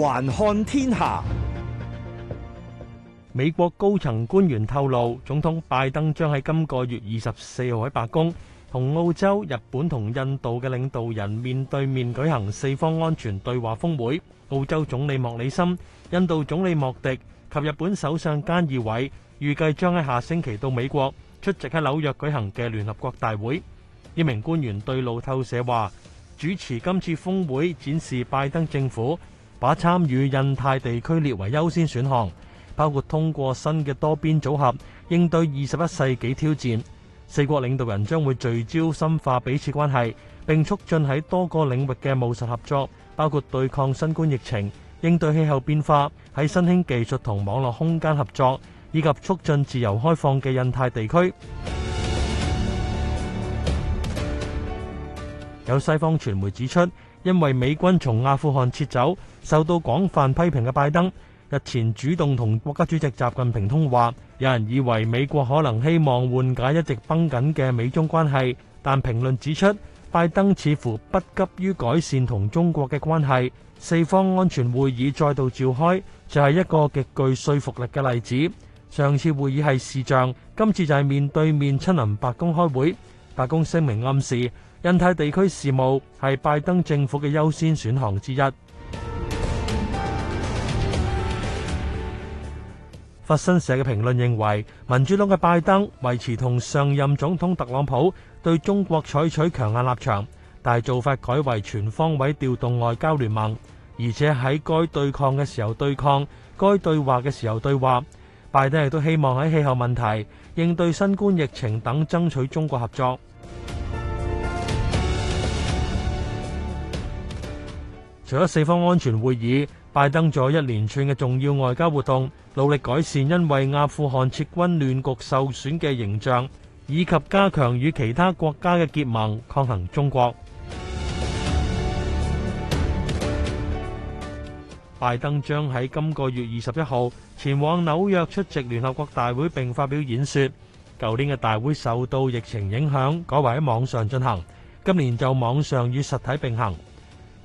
環看天下，美國高層官員透露，總統拜登將喺今個月二十四號喺白宮同澳洲、日本同印度嘅領導人面對面舉行四方安全對話峰會。澳洲總理莫里森、印度總理莫迪及日本首相菅義偉預計將喺下星期到美國出席喺紐約舉行嘅聯合國大會。一名官員對路透社話，主持今次峰會展示拜登政府。把參與印太地區列為優先選項，包括通過新嘅多邊組合應對二十一世紀挑戰。四國領導人將會聚焦深化彼此關係，並促進喺多個領域嘅務實合作，包括對抗新冠疫情、應對氣候變化、喺新興技術同網絡空間合作，以及促進自由開放嘅印太地區。有西方傳媒指出，因為美軍從阿富汗撤走，受到廣泛批評嘅拜登日前主動同國家主席習近平通話，有人以為美國可能希望緩解一直繃緊嘅美中關係，但評論指出，拜登似乎不急於改善同中國嘅關係。四方安全會議再度召開就係一個極具說服力嘅例子。上次會議係視像，今次就係面對面親臨白宮開會。白宮聲明暗示。印太地區事務係拜登政府嘅優先選項之一。法 新社嘅評論認為，民主黨嘅拜登維持同上任總統特朗普對中國採取強硬立場，但係做法改為全方位調動外交聯盟，而且喺該對抗嘅時候對抗，該對話嘅時候對話。拜登亦都希望喺氣候問題、應對新冠疫情等爭取中國合作。除咗四方安全會議，拜登做咗一連串嘅重要外交活動，努力改善因為阿富汗撤軍亂局受損嘅形象，以及加強與其他國家嘅結盟，抗衡中國。拜登將喺今個月二十一號前往紐約出席聯合國大會並發表演說。舊年嘅大會受到疫情影響，改為喺網上進行，今年就網上與實體並行。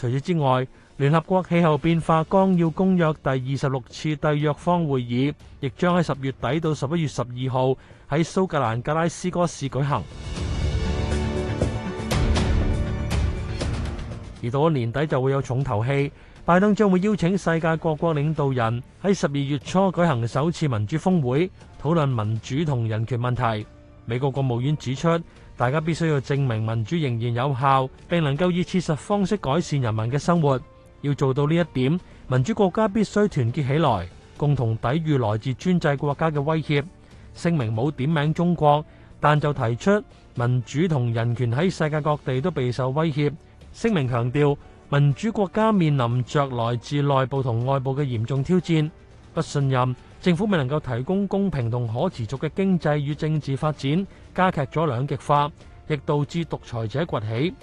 除此之外，聯合國氣候變化綱要公約第二十六次締約方會議亦將喺十月底到十一月十二號喺蘇格蘭格拉斯哥市舉行。 而到咗年底就會有重頭戲，拜登將會邀請世界各國領導人喺十二月初舉行首次民主峰會，討論民主同人權問題。美國國務院指出。大家必須要證明民主仍然有效，並能夠以切實方式改善人民嘅生活。要做到呢一點，民主國家必須團結起來，共同抵禦來自專制國家嘅威脅。聲明冇點名中國，但就提出民主同人權喺世界各地都備受威脅。聲明強調，民主國家面臨着來自內部同外部嘅嚴重挑戰，不信任。政府未能夠提供公平同可持續嘅經濟與政治發展，加劇咗兩極化，亦導致獨裁者崛起。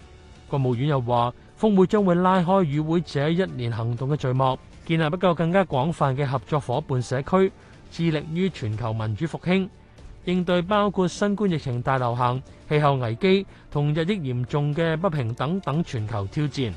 國務院又話峰會將會拉開與會者一年行動嘅序幕，建立一個更加廣泛嘅合作伙伴社區，致力於全球民主復興，應對包括新冠疫情大流行、氣候危機同日益嚴重嘅不平等等全球挑戰。